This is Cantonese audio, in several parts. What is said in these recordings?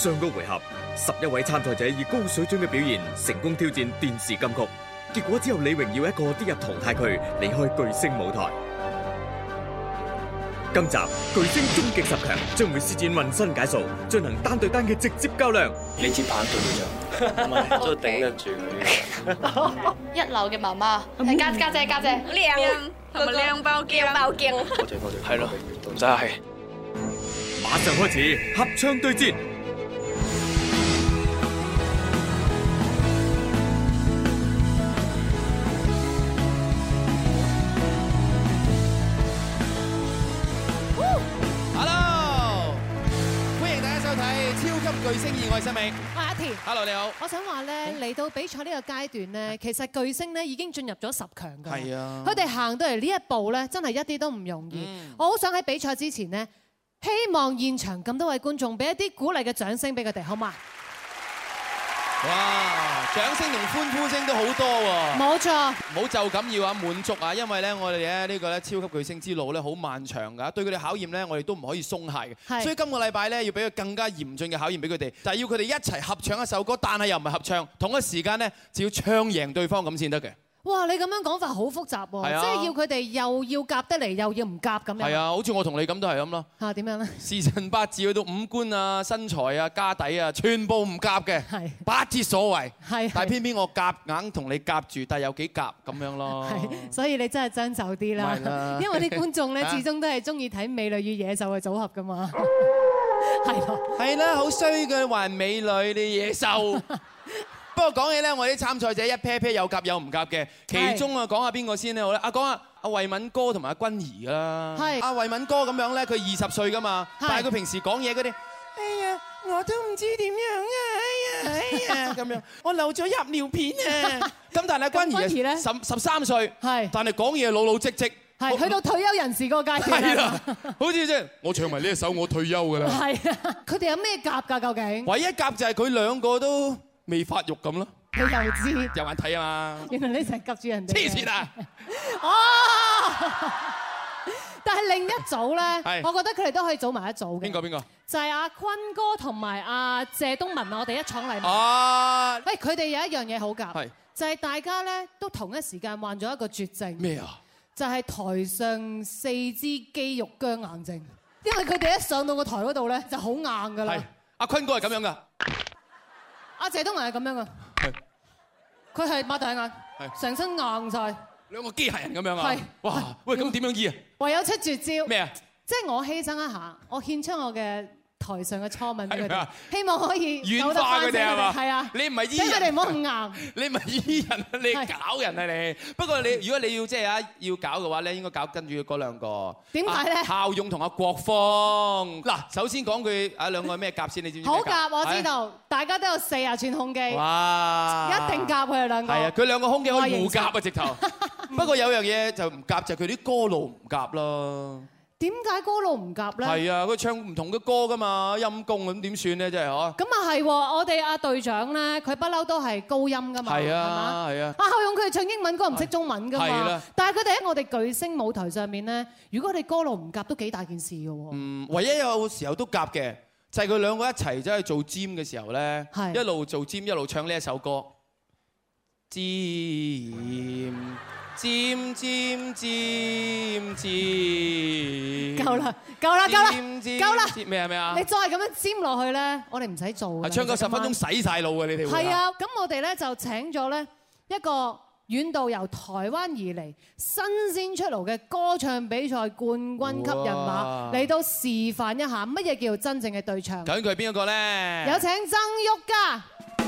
上個回合，十一位參賽者以高水準嘅表現成功挑戰電視金曲，結果只有李榮耀一個跌入淘汰區，離開巨聲舞台。今集巨聲終極十強將會施展渾身解數，進行單對單嘅直接較量。你接棒對唔住，唔係都頂得住。一流嘅媽媽，家家姐家姐，靚，係咪靚爆鏡爆鏡？係咯，真係。馬上開始合唱對戰。阿田，Hello 你好。我想話咧，嚟到比賽呢個階段咧，其實巨聲咧已經進入咗十強㗎。係啊，佢哋行到嚟呢一步咧，真係一啲都唔容易。我好想喺比賽之前呢，希望現場咁多位觀眾俾一啲鼓勵嘅掌聲俾佢哋，好嗎？哇！掌聲同歡呼聲都好多喎，冇錯。唔好就咁要啊，滿足啊，因為咧，我哋咧呢個咧超級巨星之路咧好漫長㗎，對佢哋考驗咧，我哋都唔可以鬆懈嘅。所以今個禮拜咧，要俾佢更加嚴峻嘅考驗俾佢哋，就係要佢哋一齊合唱一首歌，但係又唔係合唱，同一時間咧就要唱贏對方咁先得嘅。哇！你咁樣講法好複雜喎，即係要佢哋又要夾得嚟，又要唔夾咁樣。係啊，好似我同你咁都係咁咯。嚇點樣咧？時辰八字去到五官啊、身材啊、家底啊，全部唔夾嘅，八字所為。係。但偏偏我夾硬同你夾住，但有幾夾咁樣咯？係。所以你真係將就啲啦，因為啲觀眾咧始終都係中意睇美女與野獸嘅組合噶嘛。係咯。係啦，好衰嘅還美女與野獸。不過講起咧，我啲參賽者一 pair pair 有夾有唔夾嘅。其中啊講下邊個先咧好咧？啊講下阿慧敏哥同埋阿筠怡啦。係。阿慧敏哥咁樣咧，佢二十歲噶嘛，但係佢平時講嘢嗰啲，哎呀我都唔知點樣啊，哎呀哎呀咁樣，我留咗入尿片嘅。咁但係阿筠怡其實十十三歲，係，但係講嘢老老積積，係，去到退休人士個階段啦。係啦，好似即係我唱埋呢一首，我退休噶啦。係啊，佢哋有咩夾噶究竟？唯一夾就係佢兩個都。未發育咁咯，你又知，又眼睇啊嘛！原來你成日夾住人哋黐線啊！哦， 但係另一組咧，我覺得佢哋都可以組埋一組嘅。邊個邊個？就係阿坤哥同埋阿謝東閔，我哋一廠黎明。喂，佢哋有一樣嘢好㗎，就係大家咧都同一時間患咗一個絕症。咩啊？就係台上四肢肌肉僵硬症，因為佢哋一上到台、啊、一一一個台嗰度咧就好硬㗎啦、啊。阿坤哥係咁樣㗎。阿謝東閔係咁樣噶，佢係擘大眼，成身硬晒，兩個機械人咁樣啊！哇，喂，咁點樣醫啊？唯有出絕招咩啊？即係、就是、我犧牲一下，我獻出我嘅台上嘅初吻嗰啲，希望可以軟化佢哋係嘛？係啊！你唔係醫人，你搞人啊你。不過你如果你要即係啊要搞嘅話咧，應該搞跟住嗰兩個。點解咧？孝勇同阿國峰。嗱，首先講佢啊兩個咩夾先，你知唔知？好夾，我知道，大家都有四啊寸胸肌。哇！一定夾佢哋兩個。係啊，佢兩個胸肌可以互夾啊，直頭。不過有樣嘢就唔夾，就係佢啲歌路唔夾咯。點解歌路唔夾咧？係啊，佢唱唔同嘅歌噶嘛，陰功咁點算咧？真係嚇。咁啊係，我哋阿隊長咧，佢不嬲都係高音噶嘛，係嘛？係啊。阿勇佢唱英文歌唔識中文噶嘛。係啦。但係佢哋喺我哋巨聲舞台上面咧，如果你歌路唔夾，都幾大件事嘅喎。嗯，唯一有時候都夾嘅就係佢兩個一齊走去做尖嘅時候咧，一路做尖一路唱呢一首歌。尖尖尖尖尖。夠啦，夠啦，夠啦，夠啦！咩咩啊？你再咁樣尖落去咧，我哋唔使做係，唱夠十分鐘，洗晒腦嘅你哋。係啊，咁我哋咧就請咗咧一個遠道由台灣而嚟、新鮮出爐嘅歌唱比賽冠軍級人馬嚟到示範一下乜嘢叫做真正嘅對唱。究竟佢係邊一個咧？有請曾昱嘉。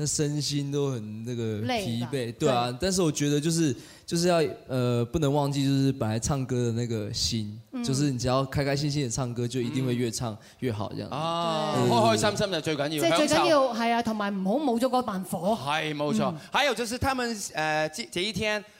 那身心都很那個疲憊，對啊。但是我覺得就是就是要呃，不能忘記就是本來唱歌的那個心，就是你只要開開心心的唱歌，就一定會越唱越好這樣子，啊這樣對對好好。啊，開開心心就最緊要。即、就、係、是、最緊要係啊，同埋唔好冇咗嗰啖火。係冇錯，還有就是他們誒、呃，這這一天。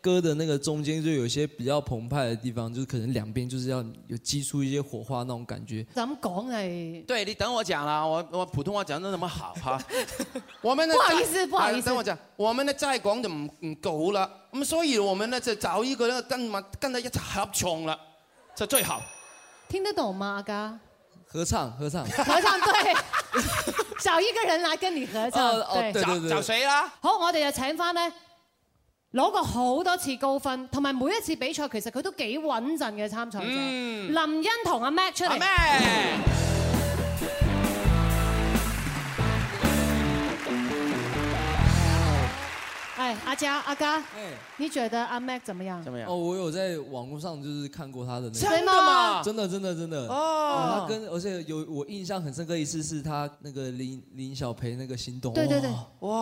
歌的那個中間就有些比較澎湃的地方，就是可能兩邊就是要有激出一些火花那種感覺。咁講呢，對你等我講啦，我我普通話講得咁好哈。 我們不好意思，不好意思，等我講，我們再講就唔唔夠啦。咁所以，我們呢就找一個人跟跟得一齊合唱啦，就最好。聽得懂嗎？阿哥？合唱，合唱，合唱隊，對 找一個人來跟你合唱。呃、對哦對，找誰啦？好，我哋就請返呢？攞過好多次高分，同埋每一次比賽其實佢都幾穩陣嘅參賽者。林欣彤阿 Mag 出嚟。哎，阿嘉阿嘉，你覺得阿 Mac 怎麼樣？哦，我有在網絡上就是看過他的。那真的嗎，真的嘛？真的真的真的哦！Oh. 啊、他跟而且有我印象很深刻一次，是他那個林林小培那個心動，對對對，哇，厲、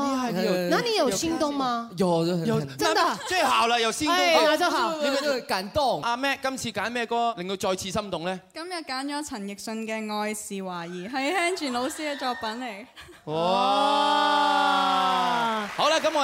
啊、害、啊！你有，那你有心動嗎？有有，有，真的，真好啦，有心動，真 姣、啊，最 你都感動。阿、啊、Mac 今次揀咩歌令佢再次心動咧？今日揀咗陳奕迅嘅《愛是懷疑》，係 Hanjin 老師嘅作品嚟。 哇！ 好啦，咁我。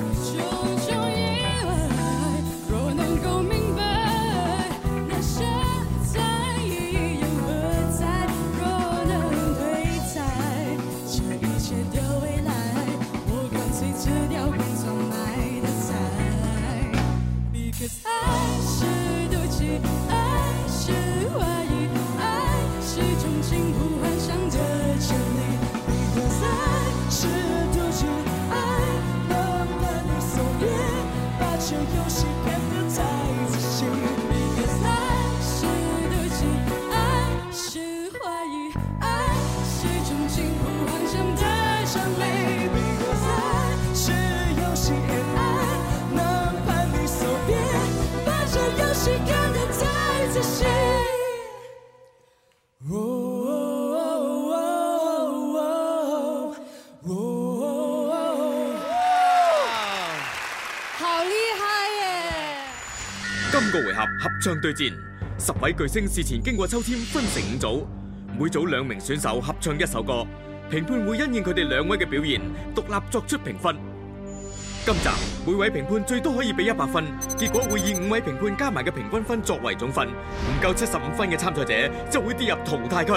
合合唱對戰，十位巨聲事前經過抽籤分成五組，每組兩名選手合唱一首歌。評判會因應佢哋兩位嘅表現，獨立作出評分。今集每位評判最多可以俾一百分，結果會以五位評判加埋嘅平均分作為總分。唔夠七十五分嘅參賽者就會跌入淘汰區。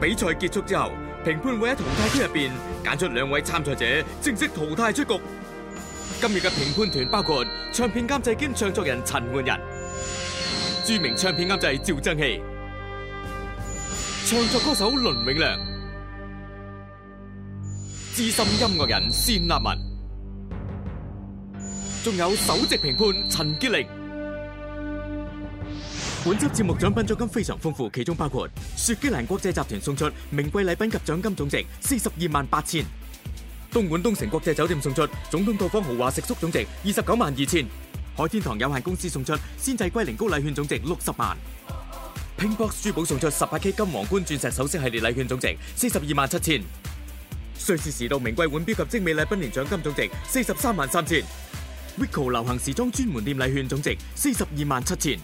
比賽結束之後，評判會喺淘汰區入邊揀出兩位參賽者，正式淘汰出局。今日嘅評判團包括唱片監製兼唱作人陳奐仁、著名唱片監製趙增熹、唱作歌手倫永亮、資深音樂人單立文，仲有首席評判陳潔靈。本輯節目獎品獎金非常豐富，其中包括雪肌蘭國際集團送出名貴禮品及獎金總值四十二萬八千。東莞東城國際酒店送出總統套房豪華食宿總值二十九萬二千；海天堂有限公司送出鮮製龜苓膏禮券總值六十萬；Pinkbox 珠寶送出十八 K 金皇冠鑽石首飾系列禮券總值四十二萬七千；瑞士時度名貴腕錶及精美禮賓年獎金總值四十三萬三千；Waco 流行時裝專門店禮券總值四十二萬七千；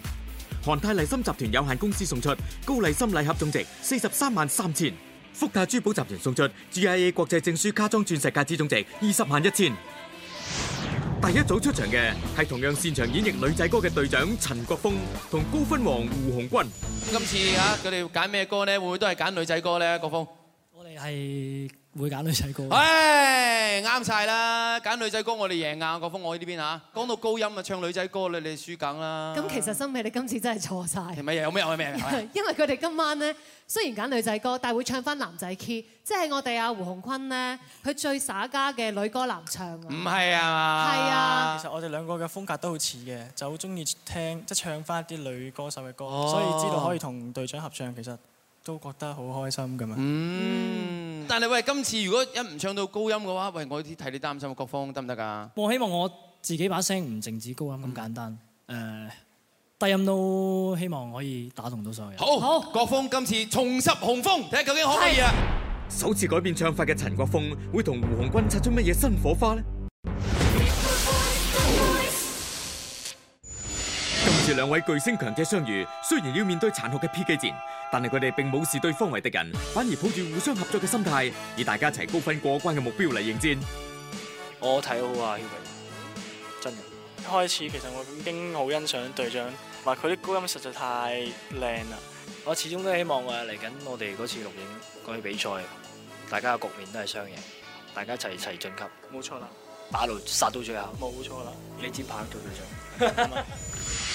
韓泰麗參集團有限公司送出高麗參禮盒總值四十三萬三千。福泰珠寶集團送出 GIA 國際證書卡裝鑽石戒指總值二十萬一千。第一組出場嘅係同樣擅長演繹女仔歌嘅隊長陳國峰同高分王胡鴻鈞。咁今次啊，佢哋揀咩歌咧？會唔會都係揀女仔歌咧？國峰，我哋係。會揀女仔歌，唉，啱曬啦！揀女仔歌我哋贏啊！國峰，我喺呢邊嚇，講到高音咪唱女仔歌，你你輸梗啦。咁其實森美，你今次真係錯曬。係咪有咩有咩名啊？因為佢哋今晚咧，雖然揀女仔歌，但係會唱翻男仔 key，即係我哋阿胡鴻鈞咧，佢最耍家嘅女歌男唱。唔係啊嘛。係啊。其實我哋兩個嘅風格都好似嘅，就好中意聽即係唱翻啲女歌手嘅歌，所以知道可以同隊長合唱其實。都覺得好開心咁啊、嗯嗯！嗯，但係喂，今次如果一唔唱到高音嘅話，喂，我啲替你擔心啊，國峰得唔得啊？我希望我自己把聲唔淨止高音咁簡單，誒、嗯、低、呃、音都希望可以打動到上去。好好，國峰、嗯、今次重拾雄風，睇下究竟可唔可以、啊？首次改變唱法嘅陳國峰，會同胡鴻鈞擦出乜嘢新火花咧？兩位巨聲強者相遇，雖然要面對殘酷嘅 P.K. 戰，但係佢哋並冇視對方為敵人，反而抱住互相合作嘅心態，以大家齊高分過關嘅目標嚟迎戰我。我睇好啊，Hugo！真嘅，一開始其實我已經好欣賞隊長，話佢啲高音實在太靚啦。我始終都希望啊，嚟緊我哋嗰次錄影嗰啲比賽，大家嘅局面都係雙贏，大家齊齊晉級。冇錯啦，打到殺到最後，冇錯啦，你只棒做隊長。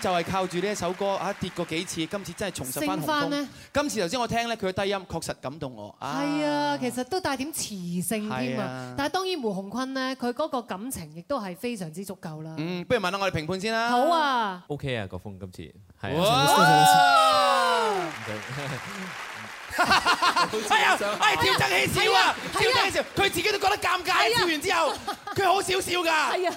就係靠住呢一首歌嚇跌過幾次，今次真係重拾翻巔峰。咧？今次頭先我聽咧，佢嘅低音確實感動我、啊。係啊，其實都帶點磁性添啊。但係當然胡鴻鈞咧，佢嗰個感情亦都係非常之足夠啦。嗯，不如問下我哋評判先啦。好啊，好啊。OK 啊，啊，啊， 啊，國峰。今次係啊。哇！哎呀，哎，調震器少啊！調震器少，佢自己都覺得尷尬。啊、跳完之後，佢好少笑㗎。係啊。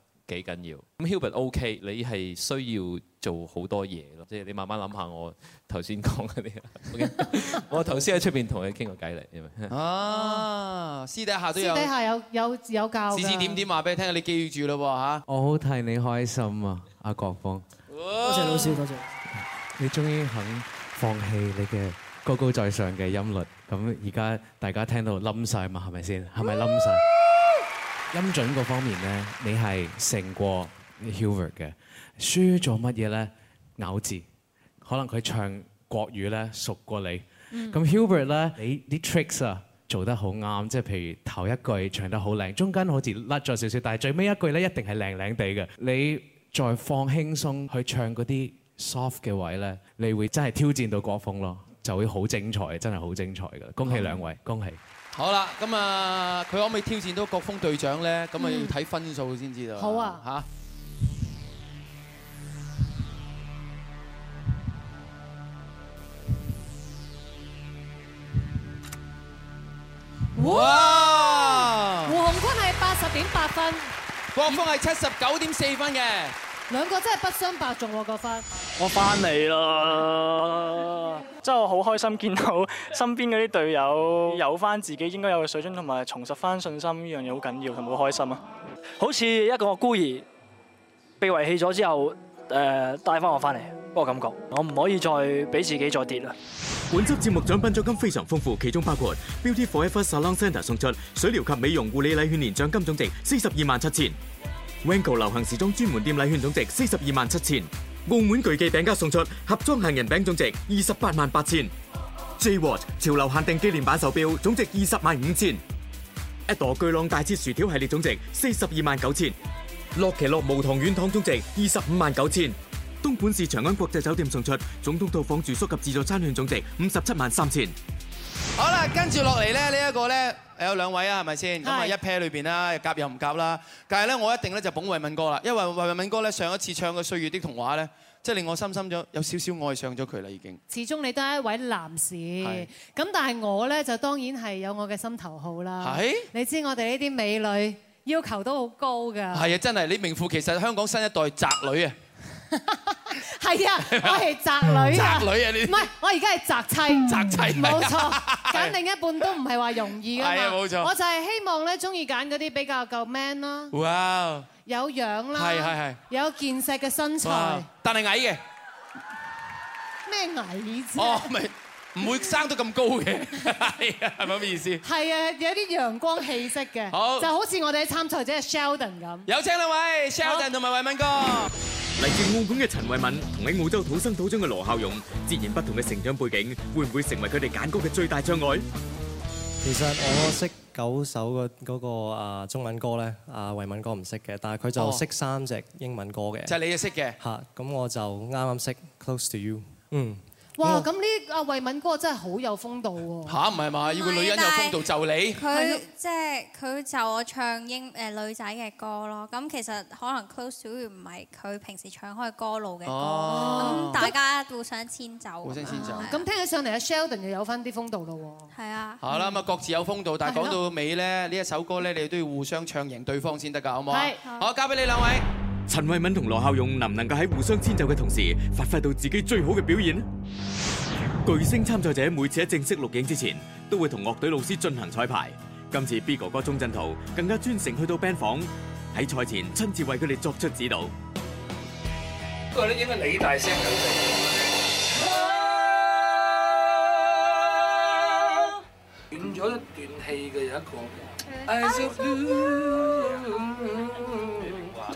幾緊要？咁 Hubert OK，你係需要做好多嘢咯，即係你慢慢諗下我頭先講嗰啲。我頭先喺出邊同佢傾個偈嚟，係咪？啊，私底下都有。私底下有有有教。指指點點話俾你聽，你記住咯喎嚇。我好替你開心啊，阿國峰。多謝老師，多謝。你終於肯放棄你嘅高高在上嘅音律，咁而家大家聽到冧曬嘛？係咪先？係咪冧曬？音準嗰方面呢，你係勝過 Hubert 嘅，輸咗乜嘢呢？咬字，可能佢唱國語呢，熟過你。咁 Hubert 呢，你啲 tricks 啊做得好啱，即係譬如頭一句唱得好靚，中間好似甩咗少少，但係最尾一句呢，一定係靚靚地嘅。你再放輕鬆去唱嗰啲 soft 嘅位呢，你會真係挑戰到國峰咯，就會好精彩，真係好精彩嘅。恭喜兩位，嗯、恭喜！好啦，咁啊，佢可唔可以挑戰到國峰隊長咧？咁啊，要睇分數先知道。好啊，嚇！哇！胡鴻鈞係八十點八分，國峰係七十九點四分嘅。兩個真係不相伯仲。我覺得我翻嚟咯，真係好開心見到身邊嗰啲隊友有翻自己應該有嘅水準，同埋重拾翻信心，呢樣嘢好緊要，同埋好開心啊！好似一個孤兒被遺棄咗之後，誒帶翻我翻嚟，嗰個感覺。我唔可以再俾自己再跌啦。本週節目獎品獎金非常豐富，其中包括 Beauty Forever Salon Centre 送出水療及美容護理禮券，年獎金總值四十二萬七千。427, Wanco 流行時裝專門店禮券總值四十二萬七千。澳門巨記餅家送出盒裝杏仁餅總值二十八萬八千。J Watch 潮流限定紀念版手錶總值二十萬五千。Adore 巨浪大切薯條系列總值四十二萬九千。樂奇樂無糖軟糖總值二十五萬九千。東莞市長安國際酒店送出總統套房住宿及自助餐券總值五十七萬三千。好啦，跟住落嚟咧，呢一個咧，有兩位啊，係咪先？咁啊，一 pair 裏邊啦，又夾又唔夾啦。但係咧，我一定咧就捧慧敏哥啦，因為慧敏哥咧上一次唱嘅《歲月的童話》咧，即係令我深深咗，有少少愛上咗佢啦，已經。始終你都係一位男士，咁但係我咧就當然係有我嘅心頭好啦。係。你知我哋呢啲美女要求都好高㗎。係啊，真係你名副其實香港新一代宅女啊。 係啊，我係宅女啊，唔係我而家係宅妻，宅妻冇錯，揀另一半都唔係話容易噶嘛，我就係希望咧，中意揀嗰啲比較夠 man 啦，哇，有樣啦，係係係，有健碩嘅身材，但係矮嘅。咩矮仔？哦，咪唔會生得咁高嘅。係啊，係咪咁嘅意思？係啊，有啲陽光氣息嘅，就好似我哋嘅參賽者 Sheldon 咁，有請兩位 Sheldon 同埋慧敏哥。嚟自澳門嘅陳慧敏同喺澳洲土生土長嘅羅孝勇，截然不同嘅成長背景，會唔會成為佢哋揀歌嘅最大障礙？其實我識九首個嗰個啊中文歌咧，啊慧敏哥唔識嘅，但係佢就識三隻英文歌嘅，即係你就識嘅吓，咁我就啱啱識 Close to You。哇！咁呢阿慧敏哥真係好有風度喎嚇，唔係嘛？要個女人有風度就你。佢即係佢就我唱英誒、呃、女仔嘅歌咯。咁其實可能 Close to you 唔係佢平時唱開歌路嘅哦，咁、啊、大家互相遷就。互相遷就。咁、啊、聽起上嚟阿 Sheldon 又有翻啲風度咯喎、啊啊。係啊。好啦，咁啊各自有風度，但係講到尾咧，呢一首歌咧，你都要互相唱贏對方先得㗎，好冇啊？係。好，交俾你兩位。陳慧敏同羅孝勇能唔能夠喺互相遷就嘅同時，發揮到自己最好嘅表現呢？巨聲參賽者每次喺正式錄影之前，都會同樂隊老師進行彩排。今次 B 哥哥鍾鎮濤更加專程去到 Band 房，喺賽前親自為佢哋作出指導。不過咧，應該你大聲啲先。斷咗斷氣嘅有一個。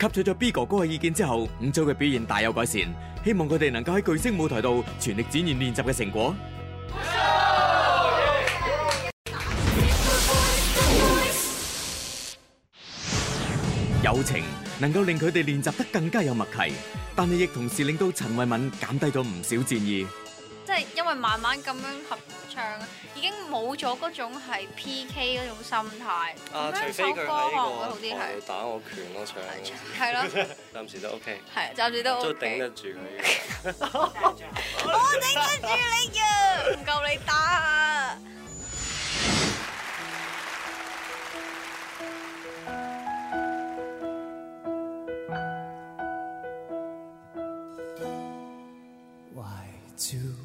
吸取咗 B 哥哥嘅意見之後，五組嘅表現大有改善，希望佢哋能夠喺巨聲舞台度全力展現練習嘅成果。友情能夠令佢哋練習得更加有默契，但係亦同時令到陳慧敏減低咗唔少戰意。即係因為慢慢咁樣合唱，已經冇咗嗰種係 PK 嗰種心態。啊，樣歌啊除非佢可能會好啲，係。我要打我拳咯，我唱。係咯。暫時都 OK。係，暫時都 OK。都頂得住佢。 我頂得住你嘅，唔夠你打啊。w y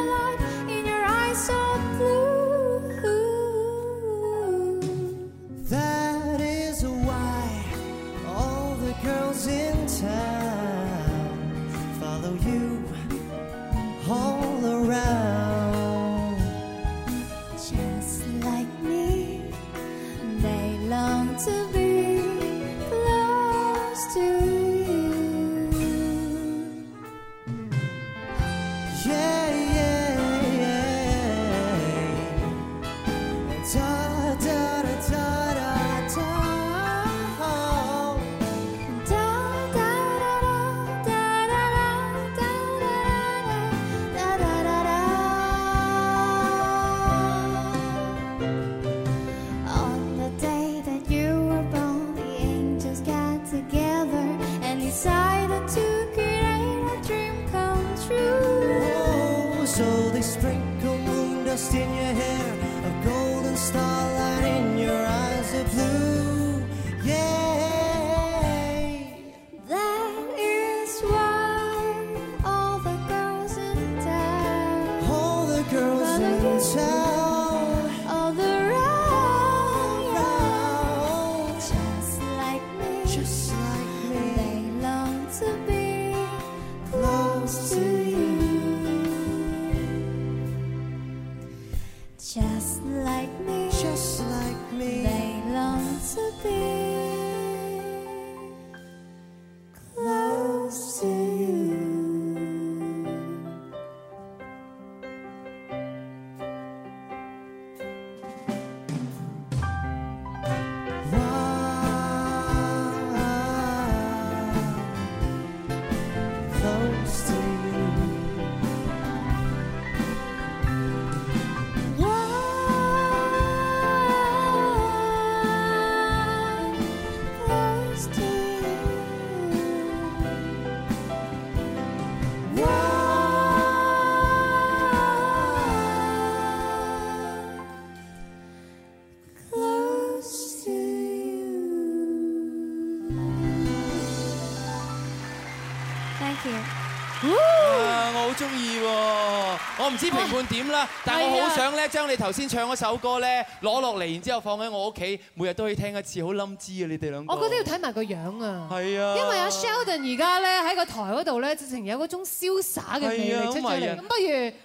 唔知評判點啦、啊，但係我好想咧將你頭先唱嗰首歌咧攞落嚟，然之後放喺我屋企，每日都可以聽一次，好冧知啊！你哋兩個，我覺得要睇埋個樣啊，係啊，因為阿 Sheldon 而家咧喺個台嗰度咧，直情有嗰種瀟灑嘅魅力出咗嚟，咁不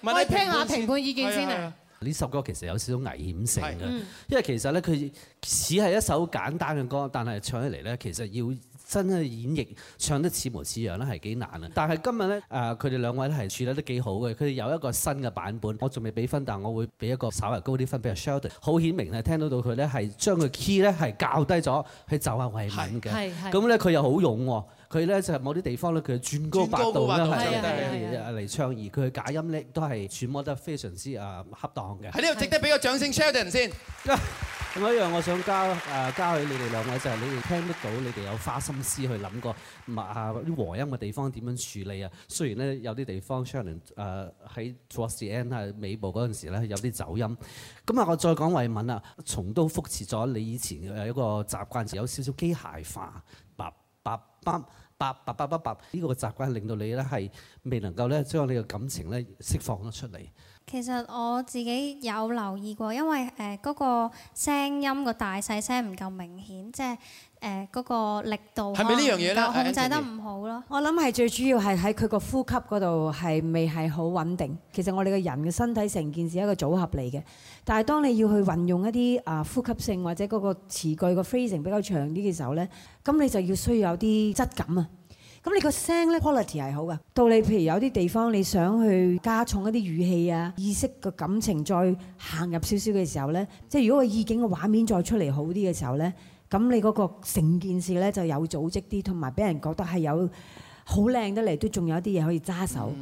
如我哋聽下評判意見先啊。呢首歌其實有少少危險性嘅，因為其實咧佢只係一首簡單嘅歌，但係唱起嚟咧，其實要。真係演繹唱得似模似樣咧，係幾難啊！但係今日咧，誒佢哋兩位咧係處理得幾好嘅。佢哋有一個新嘅版本，我仲未俾分，但係我會俾一個稍為高啲分俾阿 Sheldon。好顯明係聽到到佢咧係將個 key 咧係校低咗去遷就下慧敏嘅。咁咧，佢又好勇，佢咧就係某啲地方咧，佢轉高八度咧嚟嚟唱，而佢嘅假音咧都係揣摩得非常之啊恰當嘅。喺呢度值得俾個掌聲，Sheldon 先。 咁一樣，我想交誒交俾你哋兩位就係，你哋聽得到，你哋有花心思去諗過，啊啲和音嘅地方點樣處理啊。雖然咧有啲地方出嚟誒喺 twist end 尾部嗰陣時咧有啲走音。咁、嗯、啊，我再講慧敏啊，重蹈覆轍咗你以前誒一個習慣，就有少少機械化，白白不白白白不白。呢、這個、power- 個習慣令到你咧係未能夠咧將你嘅感情咧釋放咗出嚟。其實我自己有留意過，因為誒嗰個聲音個大細聲唔夠明顯，即係誒嗰個力度又控制得唔好咯。我諗係最主要係喺佢個呼吸嗰度係未係好穩定。其實我哋個人嘅身體成件事係一個組合嚟嘅，但係當你要去運用一啲啊呼吸性或者嗰個詞句個 phrasing 比較長啲嘅時候咧，咁你就要需要有啲質感啊。咁你個聲咧 quality 係好噶，到你譬如有啲地方你想去加重一啲語氣啊、意識個感情再行入少少嘅時候呢，即係如果個意境嘅畫面再出嚟好啲嘅時候呢，咁你嗰個成件事呢就有組織啲，同埋俾人覺得係有。好靚得嚟，都仲有啲嘢可以揸手。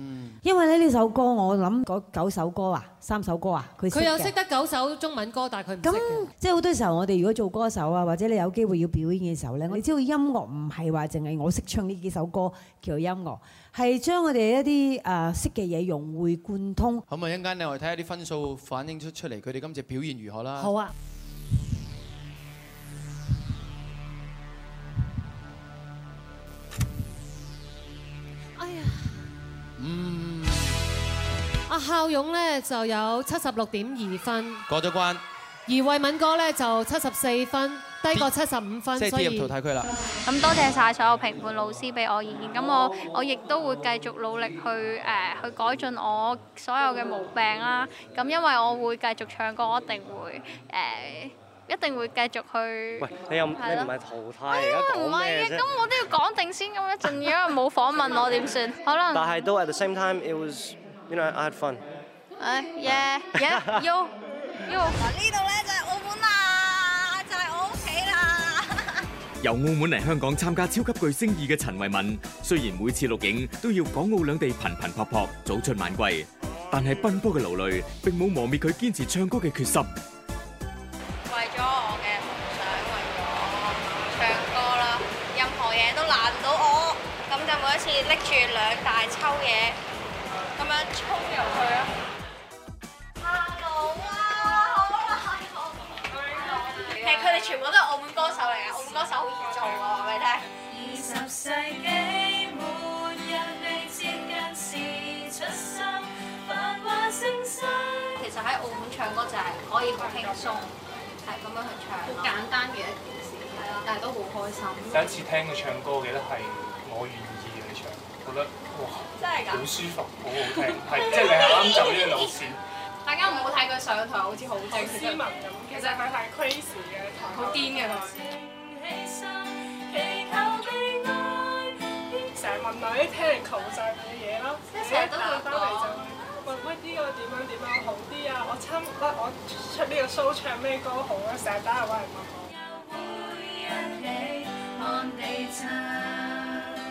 因為咧呢首歌，我諗九首歌啊，三首歌啊，佢有識得九首中文歌，但係佢唔識。咁即係好多時候，我哋如果做歌手啊，或者你有機會要表演嘅時候呢，我哋知道音樂唔係話淨係我識唱呢幾首歌叫做音樂，係將我哋一啲誒、呃、識嘅嘢融會貫通。好唔好？一陣間，你我睇下啲分數反映出出嚟，佢哋今次表現如何啦？好啊。嗯，阿孝勇呢就有七十六點二分過咗關，而慧敏哥呢就七十四分，低過七十五分，所以入淘汰區啦。咁多謝晒所有評判老師俾我意見。咁我我亦都會繼續努力去誒去改進我所有嘅毛病啦。咁因為我會繼續唱歌，我一定會誒。呃一定會繼續去。喂，你又你唔係淘汰，而係講嘢啫。唔係啊，咁我都要講定先咁樣，仲因為冇訪問我點算？可能。但係都 at the same time，it was，you know，I had fun。哎呀呀，Yo Yo！呢度咧就係澳門啦，就係我屋企啦。由澳門嚟香港參加超級巨聲二嘅陳慧敏，雖然每次錄影都要港澳兩地頻頻撲撲、早出晚歸，但係奔波嘅勞累並冇磨滅佢堅持唱歌嘅決心。為咗我嘅夢想我，為咗唱歌啦，任何嘢都難唔到我，咁就每一次拎住兩大抽嘢，咁樣沖入去咯。哈羅啊，好耐冇見我哋嘅，啊。其實佢哋全部都係澳門歌手嚟嘅。澳門歌手好嚴重啊！話俾你聽。二十世紀末日未接近時出生，繁華盛世。其實喺澳門唱歌就係可以好輕鬆。係咁樣去唱，好簡單嘅一件事，係、嗯、啦，但係都好開心。第一次聽佢唱歌，記得係我願意去唱，覺得哇，真係㗎，好舒服，好好聽，係即係你係啱走呢個路線。大家唔好睇佢上台好似好斯文咁，其實佢係 crazy 嘅，好癲嘅。成日問女聽上，聽嚟求曬佢嘢咯，成日都喺度翻嚟就。喂，呢個點樣點樣好啲啊？我參，喂，我出呢個 show 唱咩歌好咧？成日打電話嚟問我。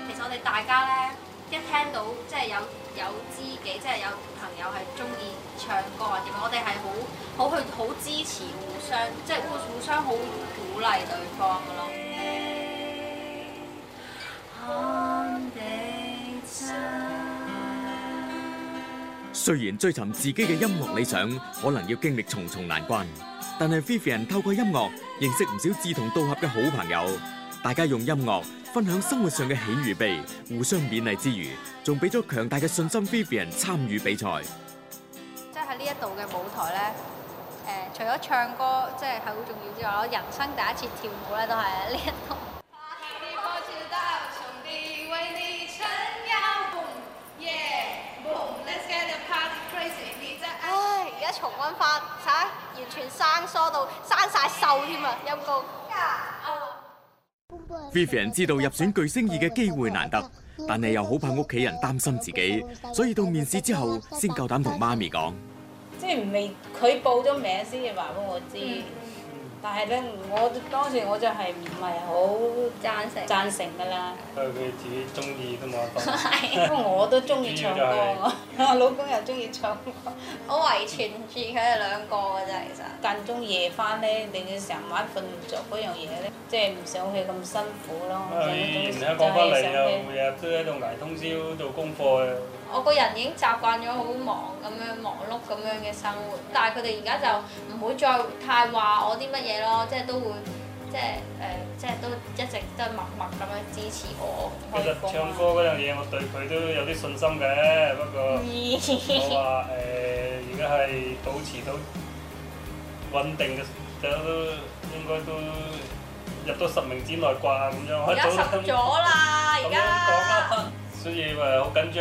其實我哋大家咧，一聽到即係有有知己，即係有朋友係中意唱歌啊，點？我哋係好好去好支持，互相即係互互相好鼓勵對方噶咯。雖然追尋自己嘅音樂理想可能要經歷重重難關，但係 Vivian 透過音樂認識唔少志同道合嘅好朋友，大家用音樂分享生活上嘅喜與悲，互相勉勵之餘，仲俾咗強大嘅信心 Vivian 參與比賽。即係喺呢一度嘅舞台咧，除咗唱歌即係係好重要之外，我人生第一次跳舞咧都係呢一度。 唉 you know？而家重溫翻，睇完全生疏到生晒銹添啊！陰功。Yeah. Vivian 知道入選巨星二嘅機會難得，但係又好怕屋企人擔心自己，所以到面試之後先夠膽同媽咪講。即係唔未佢報咗名先至話俾我知。但係咧，我當時我就係唔係好贊成贊成噶啦。因為佢自己中意都冇得講。因 為我都中意唱歌，就是、 我老公又中意唱歌， 我維傳住佢哋兩個噶啫。其實間中夜翻咧，或者成晚瞓唔著嗰樣嘢咧，即係唔想佢咁辛苦咯。佢延下講翻嚟又日日都喺度捱通宵做功課。我個人已經習慣咗好忙咁樣忙碌咁樣嘅生活，但係佢哋而家就唔會再太話我啲乜嘢咯，即係都會即係誒，即係、呃、都一直都默默咁樣支持我。其實唱歌嗰樣嘢，我對佢都有啲信心嘅，不過 我話誒，而家係保持到穩定嘅，都應該都入到十名之內啩咁樣。而家實咗啦，而家。所以話好緊張，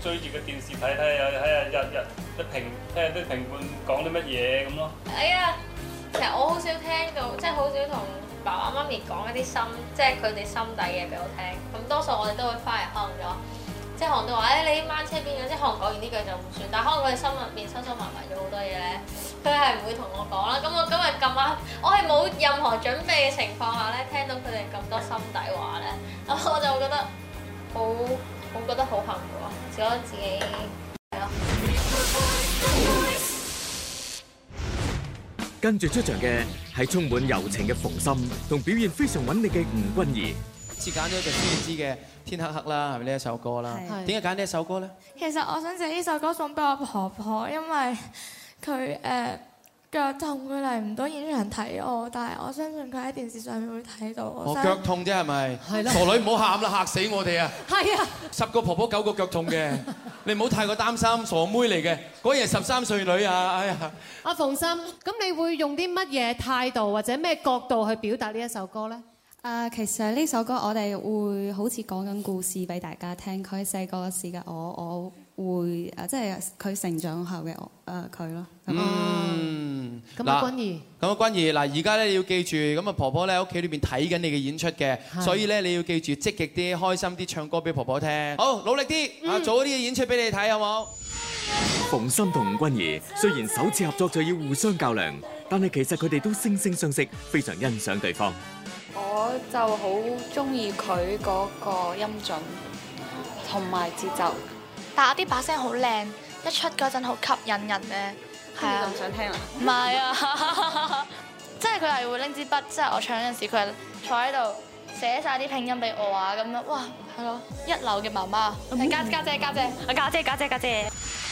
追住個電視睇睇下，睇下日日啲評，睇下啲評判講啲乜嘢咁咯。哎呀，其實我好少聽到，即係好少同爸爸媽咪講一啲心，即係佢哋心底嘅嘢俾我聽。咁多數我哋都會翻嚟開心講，即係可能話誒你啲馬車變咗，即係可能講完呢句就唔算，但係可能佢哋心入面收收埋埋咗好多嘢咧。佢係唔會同我講啦。咁我今日咁啱，我係冇任何準備嘅情況下咧，聽到佢哋咁多心底話咧，咁我就會覺得。好，我覺得好幸福啊！覺得自己係咯。跟住出場嘅係充滿柔情嘅馮琛，同表現非常穩定嘅吳筠怡。接揀咗一個知先知嘅《天黑黑》啦，係咪呢一首歌啦？點解揀呢一首歌咧？其實我想借呢首歌送俾我婆婆，因為佢誒。呃腳痛佢嚟唔到現場睇我，但係我相信佢喺電視上面會睇到我。腳痛啫係咪？係咯。傻女唔好喊啦，嚇死我哋啊！係啊。十個婆婆九個腳痛嘅，你唔好太過擔心。傻妹嚟嘅，嗰日十三歲女啊，哎呀！阿馮琛，咁你會用啲乜嘢態度或者咩角度去表達呢一首歌咧？誒，其實呢首歌我哋會好似講緊故事俾大家聽，佢細個時嘅我，我會誒，即係佢成長後嘅我誒佢咯。嗯。咁啊，筠怡。咁啊，筠怡。嗱，而家咧要記住，咁啊，婆婆咧屋企裏邊睇緊你嘅演出嘅，所以咧你要記住積極啲、開心啲，唱歌俾婆婆聽。好，努力啲，啊，做啲嘅演出俾你睇，好冇？馮琛同筠怡雖然首次合作就要互相較量，但係其實佢哋都惺惺相惜，非常欣賞對方。我就好中意佢嗰個音準同埋節奏，但係我啲把聲好靚，一出嗰陣好吸引人咧。係啊，唔想聽啦。唔係啊，即係佢係會拎支筆，即係我唱嗰陣時，佢係坐喺度寫晒啲拼音俾我啊，咁樣哇，係咯，一流嘅媽媽。你家家姐家姐，我家姐家姐家姐。姐姐姐姐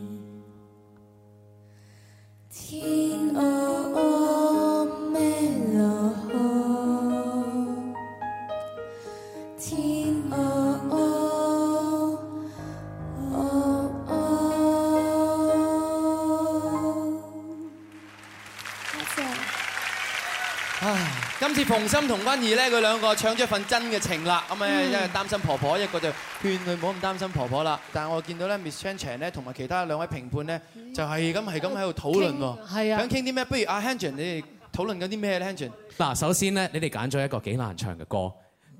同心同溫意咧，佢兩個唱咗一份真嘅情啦。咁咧，一個擔心婆婆，一個就勸佢唔好咁擔心婆婆啦。但係我見到咧，Miss Chan Chan 咧，同埋其他兩位評判咧，就係咁係咁喺度討論喎。係啊，想傾啲咩？不如阿 Hanjin，你哋討論緊啲咩咧？Hanjin 嗱，首先咧，你哋揀咗一個幾難唱嘅歌，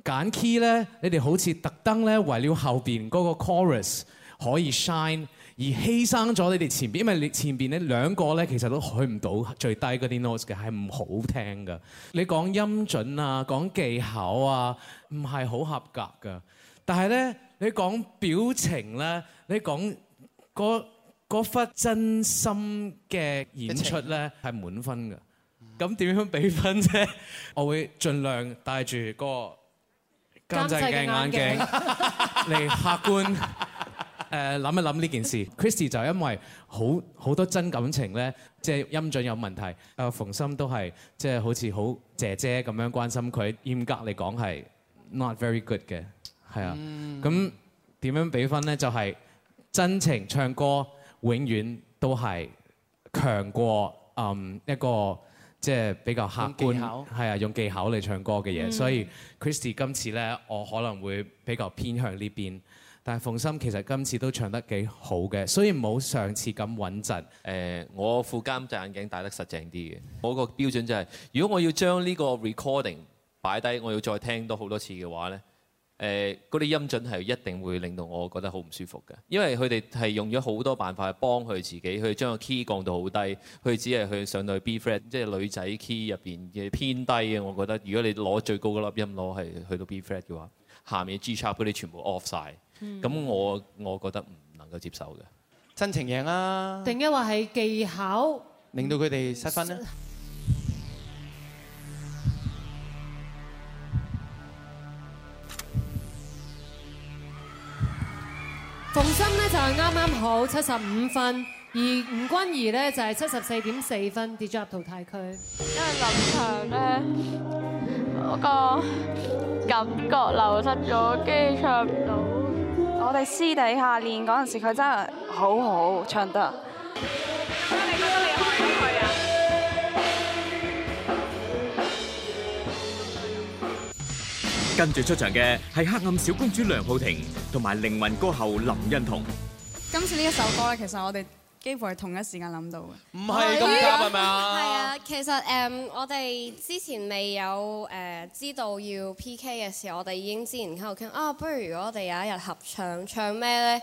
揀 key 咧，你哋好似特登咧，為了後邊嗰個 chorus 可以 shine。而犧牲咗你哋前邊，因為你前邊咧兩個咧其實都去唔到最低嗰啲 notes 嘅，係唔好聽㗎。你講音準啊，講技巧啊，唔係好合格㗎。但係咧，你講表情咧，你講嗰嗰忽真心嘅演出咧係滿分㗎。咁點樣俾分啫？我會盡量戴住個監製嘅眼鏡嚟客觀。誒，諗一諗呢件事，Kristy 就因為好好多真感情呢，即係音準有問題。阿馮琛都係即係好似好姐姐咁樣關心佢，嚴格嚟講係 not very good 嘅，係啊。咁點樣比分呢？就係真情唱歌永遠都係強過一個即係比較客觀，係啊，用技巧嚟唱歌嘅嘢。所以 Kristy 今次呢，我可能會比較偏向呢邊。但係馮琛其實今次都唱得幾好嘅，所以冇上次咁穩陣，呃。我副監製眼鏡戴得實淨啲嘅。我個標準就係、是，如果我要將呢個 recording 擺低，我要再聽多好多次嘅話呢，誒、呃，嗰啲音準係一定會令到我覺得好唔舒服嘅，因為佢哋係用咗好多辦法去幫佢自己，去將個 key 降到好低，佢只係去上到去 B flat 即係女仔 key 入面嘅偏低嘅。我覺得，如果你攞最高嗰粒音攞係去到 B flat 嘅話，.下面嘅 G 插俾你全部 off 晒，咁我我覺得唔能夠接受嘅。真情贏啊，定一話係技巧令到佢哋失分呢？逢親呢就係啱啱好七十五分。而吳筠怡呢，就係七十四點四分跌咗入淘汰區。因為臨場咧嗰個感覺流失咗，跟住唱唔到。我哋私底下練嗰陣時候，佢真係好好唱得。 你覺得你可唔可啊？跟住出場嘅係黑暗小公主梁皓婷同埋靈魂歌后林欣彤。今次呢一首歌咧，其實我哋。幾乎係同一時間諗到嘅。唔係咁啱係咪啊？係啊，其實誒，我哋之前未有誒知道要 P K 嘅時候，我哋已經之前喺度傾啊，不如如果我哋有一日合唱，唱咩咧？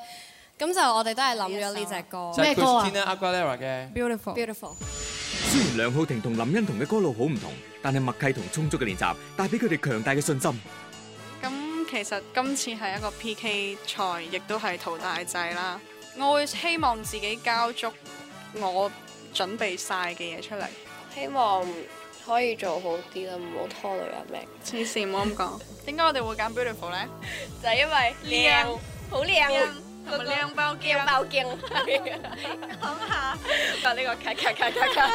咁就我哋都係諗咗呢隻歌，咩、就係、歌啊？Beautiful。Beautiful。雖然梁皓婷同林欣彤嘅歌路好唔同，但係默契同充足嘅練習帶俾佢哋強大嘅信心。咁其實今次係一個 P K 賽，亦都係淘汰制啦。我會希望自己交足我準備晒嘅嘢出嚟，希望可以做好啲啦，唔好拖累人、啊、哋。黐線，唔好咁講，點解 我哋會揀 Beautiful 咧？就係因為靚好靚，係咪靚爆鏡爆鏡？講下就呢個咔咔咔咔咔！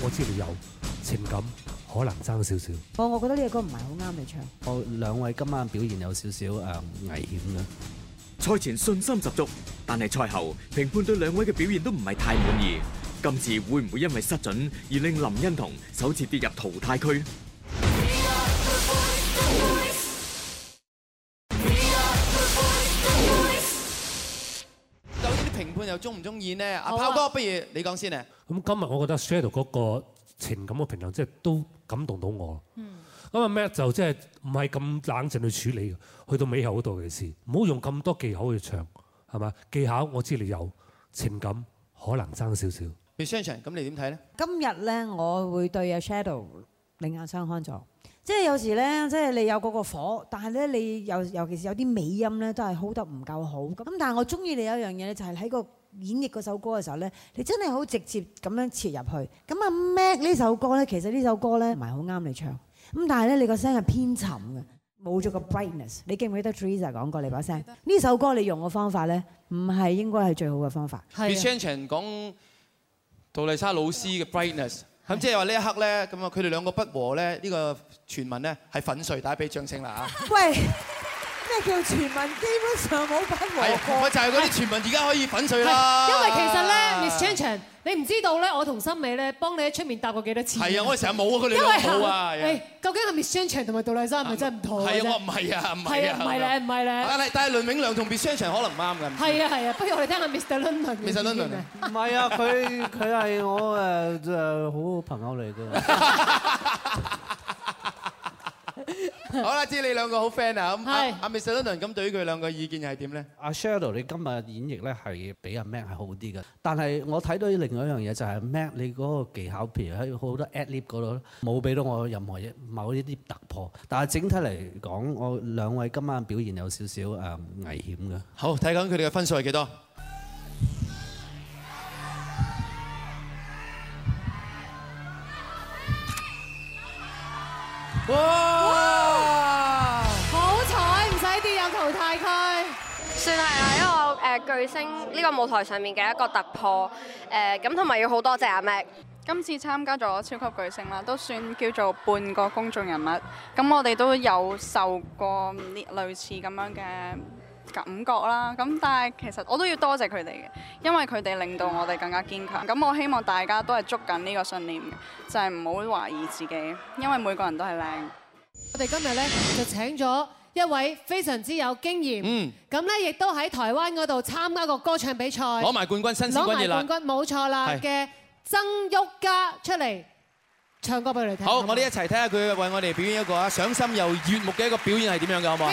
我知道有情感，可能差少少。我我覺得呢個歌唔係好啱你唱。我、哦、兩位今晚表現有少少誒危險嘅。賽前信心十足，但係賽後評判對兩位嘅表現都唔係太滿意。今次會唔會因為失準而令林欣彤首次跌入淘汰區？又中唔中意呢？阿炮哥，不如你講先啊！咁今日我覺得 Shadow 嗰個情感嘅評論，即係都感動到我。咁、嗯、啊，Mag 就即係唔係咁冷靜去處理去到尾後嗰度嘅事，唔好用咁多技巧去唱，係嘛？技巧我知你有，情感可能爭少少。Miss Chan Chan 咁你點睇呢？今日咧，我會對阿 Shadow 另眼相看咗。即係有時咧，即係你有嗰個火，但係咧你尤尤其是有啲尾音咧都係 hold 得唔夠好。咁但係我中意你有一樣嘢咧，就係喺個演繹嗰首歌嘅時候咧，你真係好直接咁樣切入去。咁阿 Mag 呢首歌咧，其實呢首歌咧唔係好啱你唱。咁但係咧你個聲係偏沉嘅，冇咗個 brightness。你記唔記得 Teresa 講過你把聲？呢首歌你用嘅方法咧，唔係應該係最好嘅方法。Miss Chan Chan 講杜麗莎老師嘅 brightness。咁即係話呢一刻咧，咁啊佢哋兩個不和咧，呢個傳聞咧係粉碎，打俾掌聲啦啊！叫傳聞基本上冇份和歌，係我就係嗰啲傳聞而家可以粉碎啦。因為其實咧，Miss Chan Chan，你唔知道咧，我同森美咧幫你喺出面搭過幾多次。係啊，我哋成日冇啊，佢哋兩個冇啊。究竟係 Miss Chan Chan 同埋杜麗莎係咪真係唔妥咧？係啊，我唔係啊，唔係啊，唔係咧，唔係咧。但係但係，倫永亮同 Miss Chan Chan 可能唔啱㗎。係啊係啊，不如我哋聽下 Mr. 倫永亮。Mr. 倫永亮唔係啊，佢佢係我誒即係好朋友嚟㗎。好啦，知你兩個好 friend 啊，咁阿阿 Miss 倫咁對於佢兩個意見又係點咧？阿 Sheldon，你今日演繹咧係比阿 Matt 係好啲嘅，但係我睇到另外一樣嘢就係 Matt 你嗰個技巧，譬如喺好多 ad lib 嗰度，冇俾到我任何某一啲突破。但係整體嚟講，我兩位今晚表現有少少誒危險嘅。好，睇緊佢哋嘅分數係幾多？哇！哇好彩唔使跌入淘汰區，算係啦。一個誒巨聲呢個舞台上面嘅一個突破誒，咁同埋要好多謝阿 Mac。今次參加咗超級巨聲啦，都算叫做半個公眾人物。咁我哋都有受過呢類似咁樣嘅。感覺啦，咁但係其實我都要多謝佢哋嘅，因為佢哋令到我哋更加堅強。咁我希望大家都係捉緊呢個信念嘅，就係唔好懷疑自己，因為每個人都係靚。我哋今日咧就請咗一位非常之有經驗，咁咧亦都喺台灣嗰度參加過歌唱比賽，攞埋冠軍，新鮮冠熱辣，攞埋冠軍冇錯啦嘅曾昱嘉出嚟唱歌俾你聽，好，我哋一齊睇下佢為我哋表演一個啊賞心又悅目嘅一個表演係點樣嘅好嘛？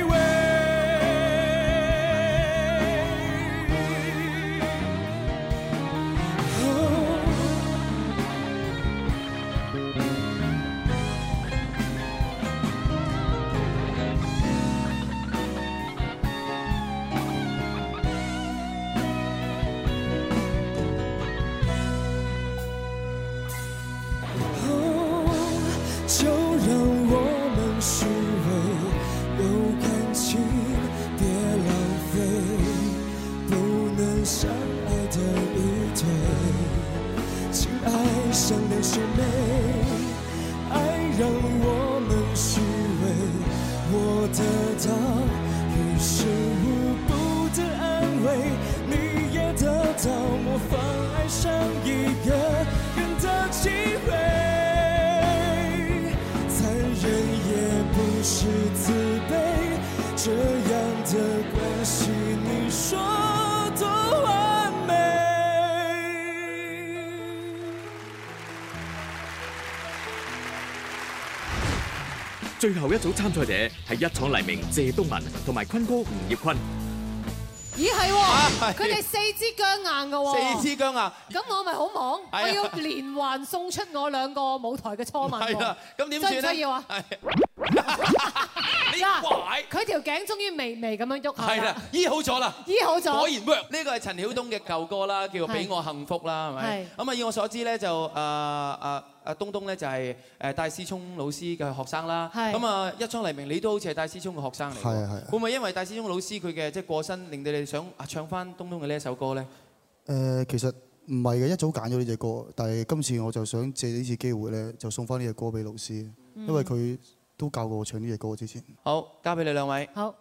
參賽者係一廠黎明謝東閔同埋坤哥吳業坤，咦係，佢哋，啊哎、四支僵硬嘅喎，四支僵硬，咁我咪好忙，啊，我要連環送出我兩個舞台嘅初吻，咁點算咧？ 啦，佢條頸終於微微咁樣喐下啦，醫好咗啦，醫好咗，果然 work。呢個係陳曉東嘅舊歌啦，叫做《比我幸福》啦，係咪？咁啊，以我所知咧，就啊啊啊東東咧就係誒戴思聰老師嘅學生啦。咁啊，一廠黎明，你都好似係戴思聰嘅學生嚟。係啊係。會唔會因為戴思聰老師佢嘅即係過身，令到你想啊唱翻東東嘅呢一首歌咧？誒，其實唔係嘅，一早揀咗呢隻歌，但係今次我就想借呢次機會咧，就送翻呢隻歌俾老師，因為佢。都教過我唱呢隻歌之前。好，交俾你兩位。好。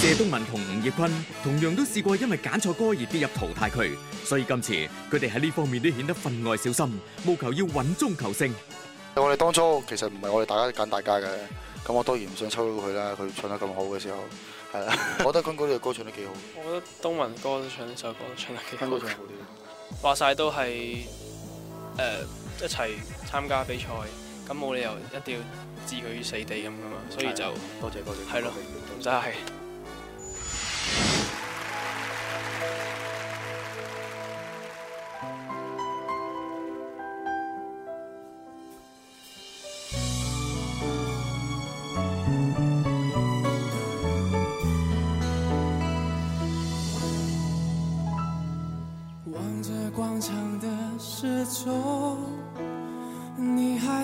謝東閔同吳業坤同樣都試過因為揀錯歌而跌入淘汰區，所以今次佢哋喺呢方面都顯得分外小心，務求要穩中求勝。我哋當初其實唔係我哋大家揀大家嘅，咁我當然唔想抽到佢啦。佢唱得咁好嘅時候，係啦，我覺得坤哥呢隻歌唱得幾好。我覺得東閔哥唱呢首歌唱得幾好。話曬都係誒一齊參加比賽。咁冇理由一定要置佢於死地咁噶嘛，所以就多謝多謝係咯，就係。望着廣場的時鐘。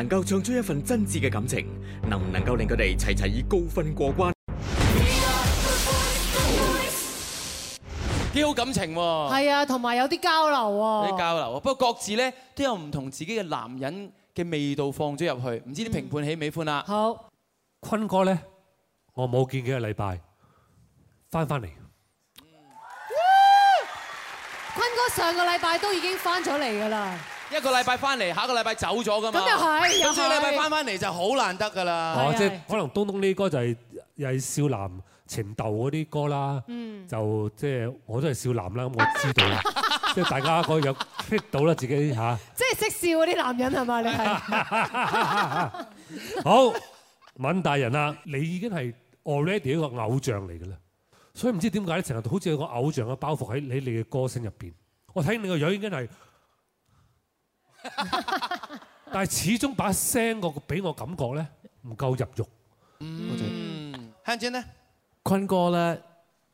能夠唱出一份真摯嘅感情，能唔能夠令佢哋齊齊以高分過關？幾好感情喎。係啊，同埋有啲交流啊，有啲交流啊。不過各自咧都有唔同自己嘅男人嘅味道放咗入去，唔知啲評判喜唔喜歡啊。好，坤哥咧，我冇見幾個禮拜，翻翻嚟。坤哥上個禮拜都已經翻咗嚟噶啦。一個禮拜翻嚟，下一個禮拜走咗噶嘛。咁又係，咁個禮拜翻翻嚟就好難得噶啦。哦，即係可能東東呢歌就係又係少男情竇嗰啲歌啦，就是。嗯、就即係我都係少男啦，我知道。即係大家個樣 fit 到啦，自己嚇。即係識笑嗰啲男人係嘛？你係。 好，敏大人啊，你已經係 already 一個偶像嚟㗎啦。所以唔知點解咧，成日好似有一個偶像嘅包袱喺你你嘅歌聲入邊。我睇你個樣已經係。 但係始終把聲個俾我感覺咧唔夠入肉。嗯，向展咧，坤哥咧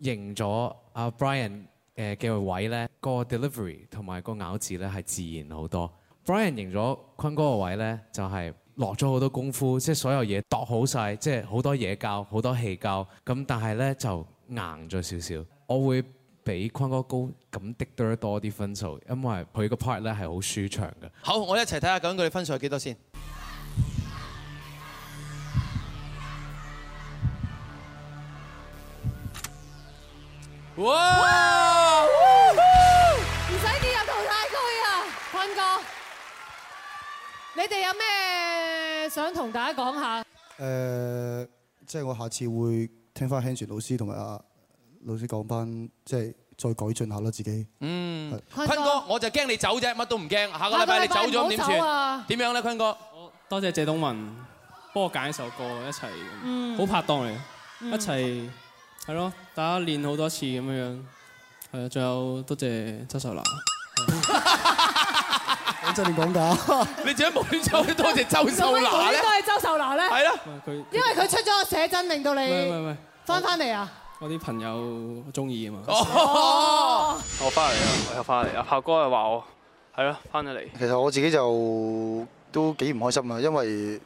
贏咗阿 Brian 誒嘅位咧，個 delivery 同埋個咬字咧係自然好多。Brian 贏咗坤哥個位咧，就係落咗好多功夫，即係所有嘢度好晒，即係好多嘢教，好多氣教，咁但係咧就硬咗少少。我會。比坤哥高，咁滴多多啲分數，因為佢個 part 咧係好舒暢嘅。好，我哋一齊睇下究竟佢哋分數有幾多先。哇！唔使跌入淘汰區啊，坤哥，你哋有咩想同大家講下？誒、呃，即、就、係、是、我下次會聽翻 Hanjin 老師同埋阿。老師講翻，即係再改進下啦自己。嗯，坤哥我就驚你，怕你，你走啫，乜都唔驚。下個禮拜你走咗點算？點樣咧，坤哥？多謝謝東閔幫我揀一首歌，一齊。好拍檔嚟，一齊係咯，大家練好多次咁樣樣。係啊，仲有多謝，謝周秀娜。哈真哈！哈哈！你真係講假？你做咩無端端多謝周秀娜多應周秀娜咧。係咯。因為佢出咗寫真，令到你翻翻嚟啊！我啲朋友中意啊嘛，我翻嚟啦，又翻嚟啊！炮哥又話我係咯，翻咗嚟。其實我自己就都幾唔開心啊，因為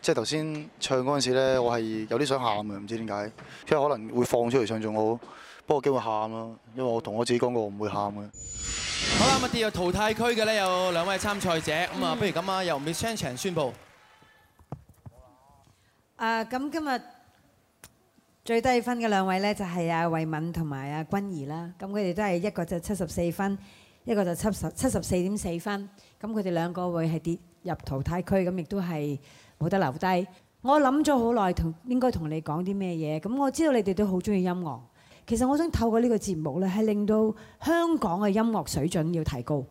即係頭先唱嗰陣時咧，我係有啲想喊嘅，唔知點解，即係可能會放出嚟唱仲好，不過驚會喊咯，因為我同我自己講過，我唔會喊嘅，嗯。好啦，嗯，今日淘汰區嘅咧有兩位參賽者，咁啊，不如咁晚由 Miss Chan 咁今日。最低分嘅兩位呢，就係阿慧敏同埋阿筠怡啦，咁佢哋都係一個就七十四分，一個就七十七十四點四分，咁佢哋兩個會係跌入淘汰區，咁亦都係冇得留低。我諗咗好耐同應該同你講啲咩嘢，咁我知道你哋都好中意音樂，其實我想透過呢個節目呢，係令到香港嘅音樂水準要提高。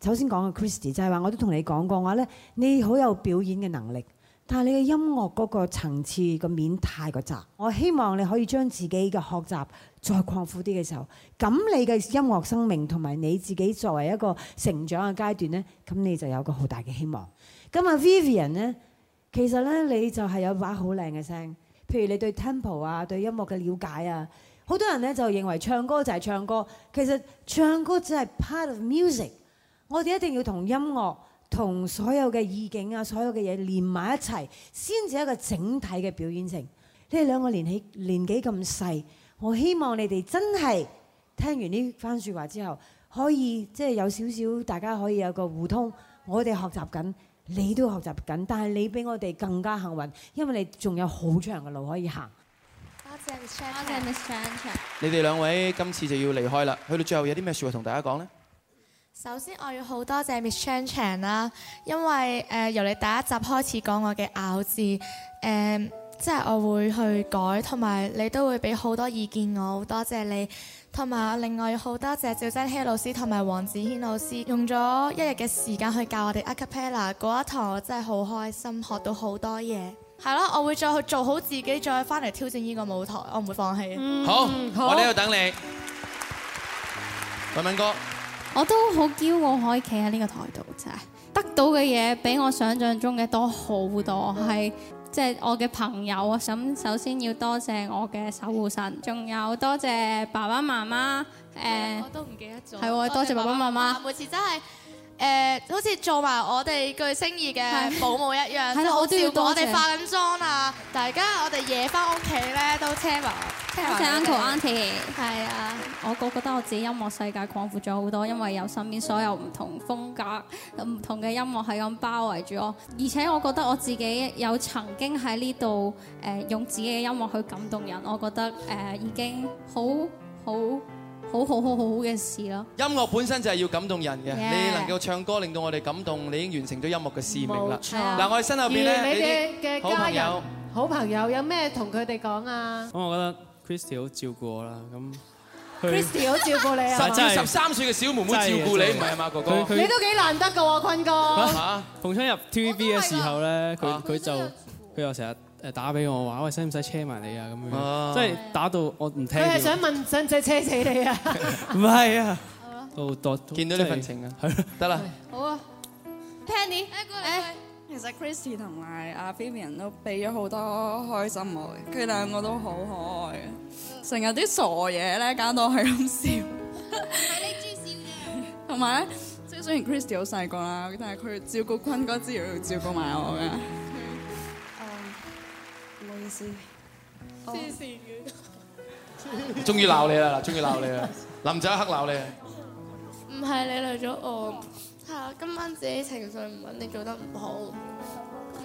首先講個 Kristy 就係話，我都同你講過話呢，你好有表演嘅能力。但係你嘅音樂嗰個層次、個面太過窄，我希望你可以將自己嘅學習再擴闊啲嘅時候，咁你嘅音樂生命同埋你自己作為一個成長嘅階段呢，咁你就有個好大嘅希望。咁啊 Vivian 呢，其實呢，你就係有把好靚嘅聲，譬如你對 tempo 啊、對音樂嘅了解啊，好多人呢就認為唱歌就係唱歌，其實唱歌只係 part of music，我哋一定要同音樂。同所有嘅意境啊，所有嘅嘢連埋一齊，先至一個整體嘅表演性。你哋兩個年紀年紀咁細，我希望你哋真係聽完呢番說話之後，可以即係、就是、有少少大家可以有個互通。我哋學習緊，你都學習緊，但係你比我哋更加幸運，因為你仲有好長嘅路可以行。多謝 Miss Chan，多謝 Miss Chan。你哋兩位今次就要離開啦，去到最後有啲咩說話同大家講咧？首先我要好多謝 Miss Chan Chan 啦，因為誒由你第一集開始講我嘅咬字，誒即係我會去改，同埋你都會俾好多意見我，好多謝你。同埋我另外要好多謝趙增熹老師同埋黃子軒老師，用咗一日嘅時間去教我哋 acapella 嗰一堂，我真係好開心，學到好多嘢。係咯，我會再去做好自己，再翻嚟挑戰呢個舞台，我唔會放棄。好，我呢度等你，文文哥。我都好驕傲可以企喺呢個台度，真係得到嘅嘢比我想象中嘅多好多，係即係我嘅朋友啊，想首先要多謝我嘅守護神，仲有多謝爸爸媽媽，誒，我都唔記得咗，係喎，多謝爸爸媽媽，每次真係。誒、呃，好似做埋我哋巨聲2嘅保姆一樣，都照顧我哋化緊妝啊！大家我哋夜返屋企咧都車埋，車埋。多謝 Uncle Auntie。係啊，我個覺得我自己的音樂世界擴闊咗好多，因為有身邊所有唔同風格、唔同嘅音樂係咁包圍住我。而且我覺得我自己有曾經喺呢度誒，用自己嘅音樂去感動人，我覺得誒、呃、已經好好。很好好好好好嘅事咯！音樂本身就係要感動人嘅，你能夠唱歌令到我哋感動，你已經完成咗音樂嘅使命啦。嗱，我喺身後邊咧，你嘅家人、好朋友有咩同佢哋講啊？咁我覺得 Kristy 好照顧我啦。咁 Kristy 好照顧你啊！十二十三歲嘅小妹妹照顧你唔係啊嘛？哥哥。你都幾難得噶喎，坤哥。嚇！逢親入 TVB 嘅時候咧，佢佢就佢又成日。誒打俾我話，喂，使唔使車埋你啊？咁樣，即係打到我唔聽。佢係想問，想唔想車死你？ 唔係啊？唔係啊，到多見到你份情啊，得啦。好啊，Penny，誒，其實 Kristy 同埋阿 Fabian 都俾咗好多開心我佢、嗯、兩個都好可愛嘅，成日啲傻嘢咧，搞到係咁笑。係 你專笑啫。同埋咧，雖雖然 Kristy 好細個啦，但係佢照顧坤哥之餘，照顧埋我嘅。嗯嗯。黐線嘅，終於鬧你啦！終於鬧你啦！臨走一刻鬧你，你，唔係你累咗我嚇，今晚自己情緒唔穩定，做得唔好，唔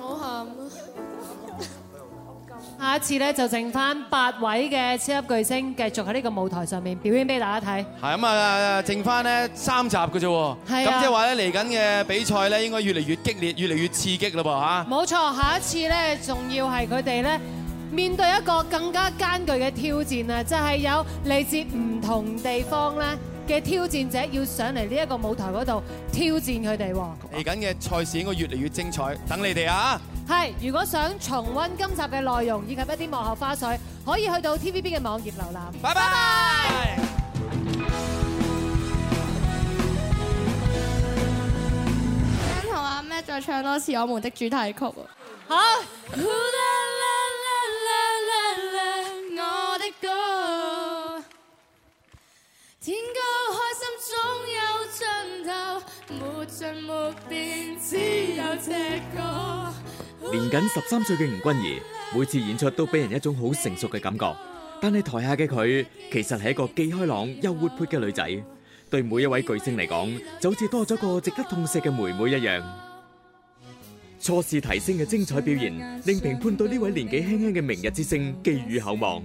好喊啦。下一次咧就剩翻八位嘅超級巨聲繼續喺呢個舞台上面表演俾大家睇。係咁啊，剩翻呢三集嘅啫。係咁即係話咧嚟緊嘅比賽咧應該越嚟越激烈，越嚟越刺激咯噃嚇。冇錯，下一次咧仲要係佢哋咧面對一個更加艱巨嘅挑戰啊！就係有嚟自唔同地方咧嘅挑戰者要上嚟呢一個舞台嗰度挑戰佢哋喎。嚟緊嘅賽事應該越嚟越精彩，等你哋啊！係，如果想重溫今集嘅內容以及一啲幕後花絮，可以去到 TVB 嘅網頁瀏覽。拜拜。跟同阿咩再唱多次我們的主題曲。好。 年僅十三歲嘅吳君兒，每次演出都俾人一種好成熟嘅感覺。但係台下嘅佢，其實係一個既開朗又活潑嘅女仔。對每一位巨星嚟講，就好似多咗個值得痛惜嘅妹妹一樣。初試啼聲嘅精彩表現，令評判對呢位年紀輕輕嘅明日之星寄予厚望。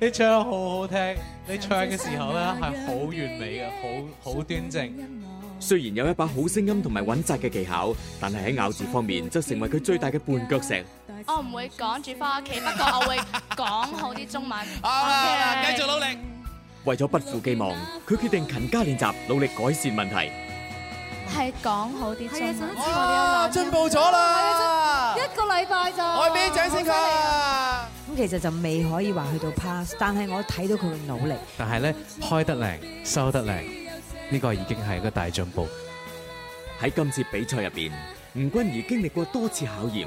你唱得好好聽，你唱嘅時候呢係好完美嘅，好好端正。雖然有一把好聲音同埋穩紮嘅技巧，但係喺咬字方面就成為佢最大嘅絆腳石。我唔會趕住翻屋企，不過我會講好啲中文。 好嘅，繼續努力。嗯、為咗不負寄望，佢決定勤加練習，努力改善問題。係講好啲中文。啊、哇，進步咗啦，啊！一個禮拜就。我俾啲掌聲先佢。咁其實就未可以話去到 pass，但係我睇到佢嘅努力。但係咧，開得靚，收得靚。呢、個已經係一個大進步。喺今次比賽入邊，吳筠怡經歷過多次考驗，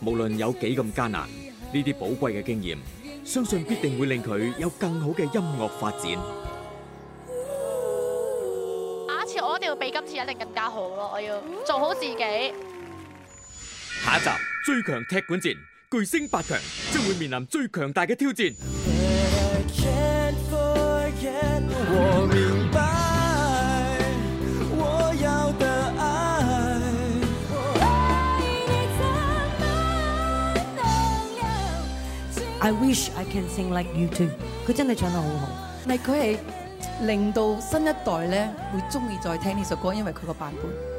無論有幾咁艱難，呢啲寶貴嘅經驗，相信必定會令佢有更好嘅音樂發展。下一次我一定要比今次一定更加好咯！我要做好自己。下一集最強踢館戰，巨聲八強將會面臨最強大嘅挑戰。I wish I can sing like you too。佢真係唱得好好，但係佢係令到新一代咧會鍾意再聽呢首歌，因為佢個版本。